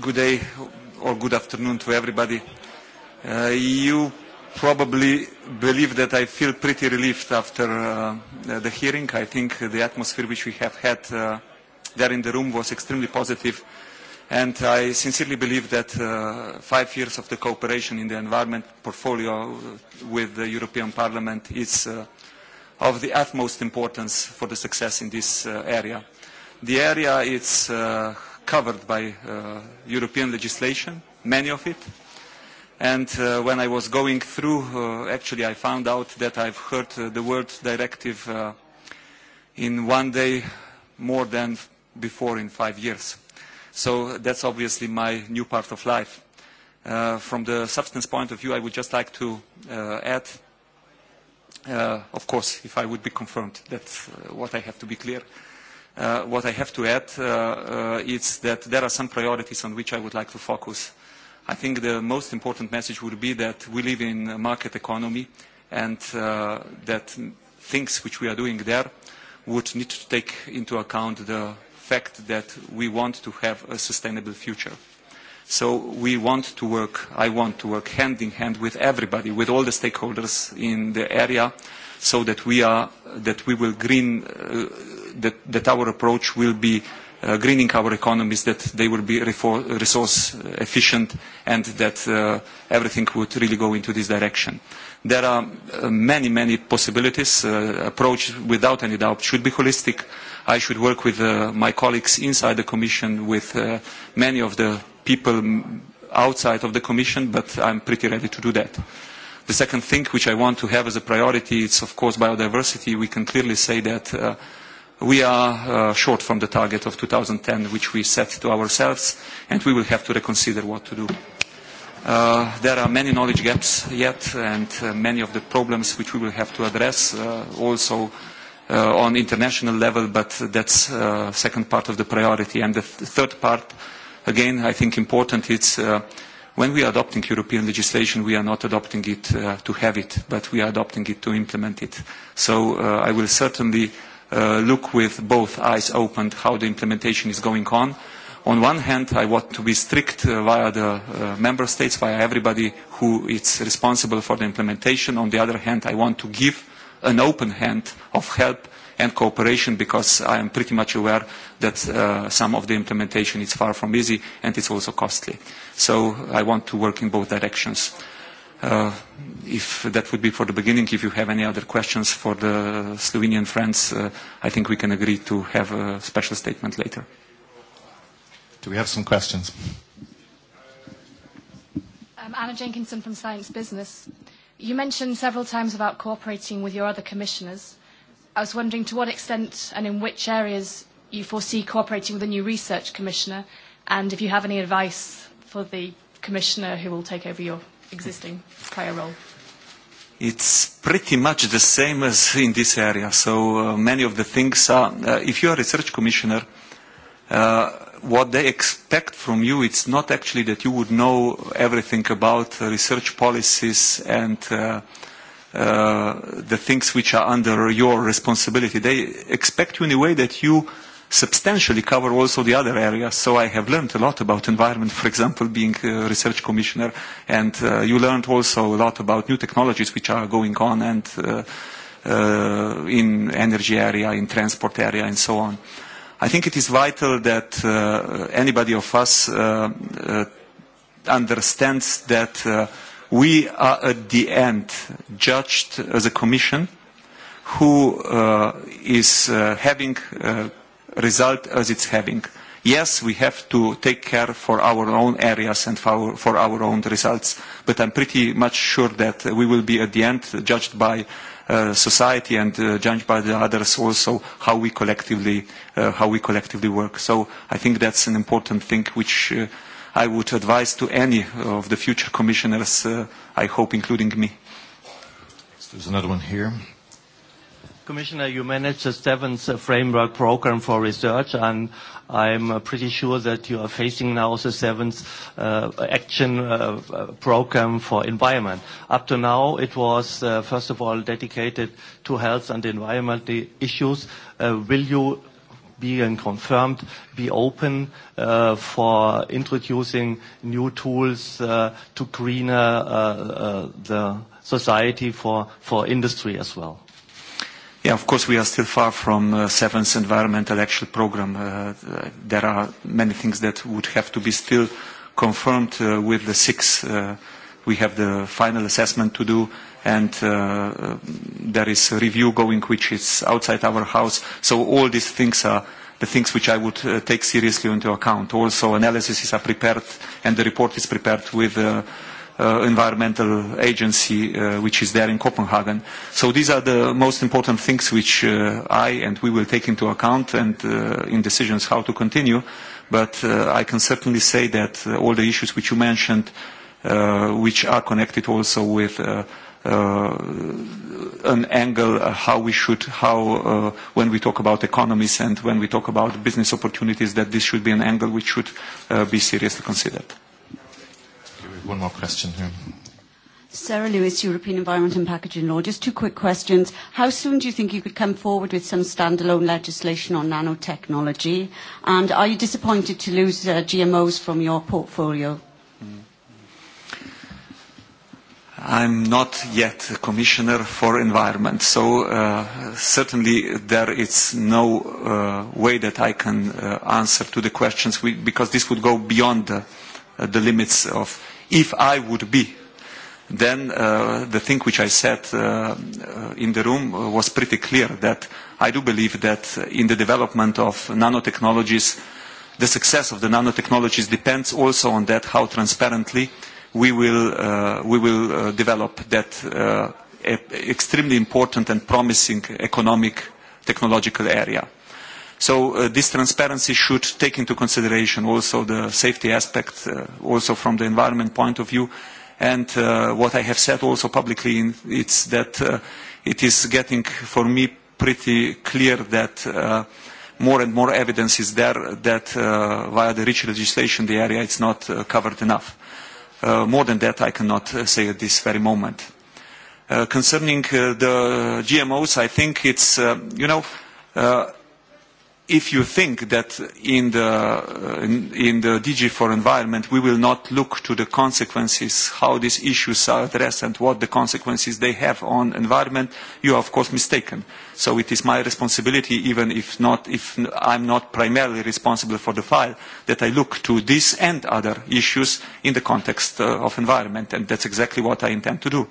Good day or good afternoon to everybody. You probably believe that I feel pretty relieved after the hearing. I think the atmosphere which we have had there in the room was extremely positive, and I sincerely believe that five years of the cooperation in the environment portfolio with the European Parliament is of the utmost importance for the success in this area. The area is covered by European legislation, many of it. And when I was going through, actually I found out that I've heard the word directive in one day more than before in five years. So that's obviously my new part of life. From the substance point of view, I would just like to add, of course, if I would be confirmed, that's what I have to be clear, What I have to add is that there are some priorities on which I would like to focus. I think the most important message would be that we live in a market economy and that things which we are doing there would need to take into account the fact that we want to have a sustainable future. So we want to work, I want to work hand in hand with everybody, with all the stakeholders in the area, so that we are, that we will green that our approach will be greening our economies, that they will be resource efficient and that everything would really go into this direction. There are many, many possibilities. Approach, without any doubt, should be holistic. I should work with my colleagues inside the Commission, with many of the people outside of the Commission, but I'm pretty ready to do that. The second thing which I want to have as a priority is, of course, biodiversity. We can clearly say that we are short from the target of 2010 which we set to ourselves and we will have to reconsider what to do. There are many knowledge gaps yet and many of the problems which we will have to address also on international level but that's the second part of the priority. And the third part, again, I think important, it's when we are adopting European legislation we are not adopting it to have it but we are adopting it to implement it. So I will certainly look with both eyes open how the implementation is going on. On one hand, I want to be strict via the member states, via everybody who is responsible for the implementation. On the other hand, I want to give an open hand of help and cooperation because I am pretty much aware that some of the implementation is far from easy and it's also costly. So I want to work in both directions. If that would be for the beginning, if you have any other questions for the Slovenian friends, I think we can agree to have a special statement later. Do we have some questions? Anna Jenkinson from Science Business. You mentioned several times about cooperating with your other commissioners. I was wondering to what extent and in which areas you foresee cooperating with the new research commissioner, and if you have any advice for the commissioner who will take over your existing role. It's pretty much the same as in this area. So many of the things are, if you are a research commissioner, what they expect from you, it's not actually that you would know everything about research policies and the things which are under your responsibility. They expect you in a way that you substantially cover also the other areas. So I have learned a lot about environment, for example, being a research commissioner, and you learned also a lot about new technologies which are going on and in energy area, in transport area, and so on. I think it is vital that anybody of us understands that we are at the end judged as a commission who is having result as it's having. Yes, we have to take care for our own areas and for our own results, but I'm pretty much sure that we will be at the end judged by society and judged by the others also how we collectively how we collectively work. So I think that's an important thing which I would advise to any of the future commissioners, I hope including me. There's another one here. Commissioner, you manage the seventh framework program for research, and I'm pretty sure that you are facing now the seventh action program for environment. Up to now, it was, first of all, dedicated to health and environment issues. Will you being confirmed, be open for introducing new tools to greener the society for industry as well. Yeah, of course, we are still far from seventh environmental action program. There are many things that would have to be still confirmed with the six. We have the final assessment to do, and there is a review going, which is outside our house. So all these things are the things which I would take seriously into account. Also, analysis are prepared, and the report is prepared with environmental agency which is there in Copenhagen. So these are the most important things which I and we will take into account and in decisions how to continue. But I can certainly say that all the issues which you mentioned, which are connected also with an angle how we should how when we talk about economies and when we talk about business opportunities that this should be an angle which should be seriously considered one more question here. Sarah Lewis, European Environment and Packaging Law. Just two quick questions. How soon do you think you could come forward with some standalone legislation on nanotechnology? And are you disappointed to lose GMOs from your portfolio? I'm not yet a commissioner for environment, so certainly there is no way that I can answer to the questions because this would go beyond the limits of if I would be, then the thing which I said in the room was pretty clear that I do believe that in the development of nanotechnologies, the success of the nanotechnologies depends also on that how transparently we will we will develop that extremely important and promising economic technological area. So this transparency should take into consideration also the safety aspect, also from the environment point of view. And what I have said also publicly, it's that it is getting, for me, pretty clear that more and more evidence is there that via the rich legislation the area is not covered enough. More than that I cannot say at this very moment. Concerning the GMOs, I think it's, you know, if you think that in the in the DG for environment we will not look to the consequences how these issues are addressed and what the consequences they have on environment you are of course mistaken so it is my responsibility even if not if I'm not primarily responsible for the file that I look to this and other issues in the context of environment and that's exactly what I intend to do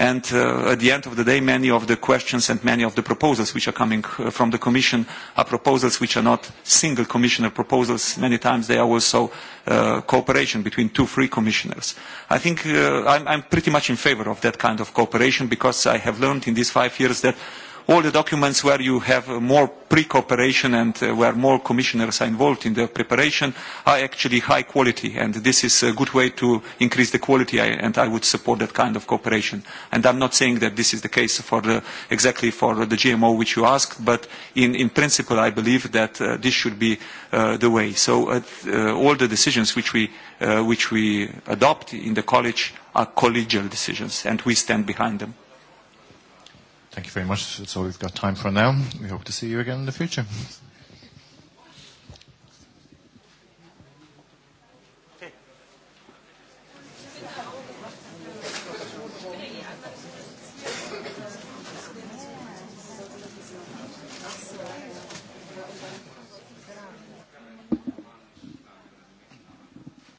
And at the end of the day, many of the questions and many of the proposals which are coming from the Commission are proposals which are not single Commissioner proposals. Many times they are also cooperation between two, three Commissioners. I think I'm pretty much in favour of that kind of cooperation because I have learned in these five years that all the documents where you have more pre-cooperation and where more commissioners are involved in the preparation are actually high quality. And this is a good way to increase the quality, and I would support that kind of cooperation. And I'm not saying that this is the case exactly for the GMO which you asked, but in principle I believe that this should be the way. So all the decisions which we adopt in the college are collegial decisions, and we stand behind them. Thank you very much. That's all we've got time for now. We hope to see you again in the future.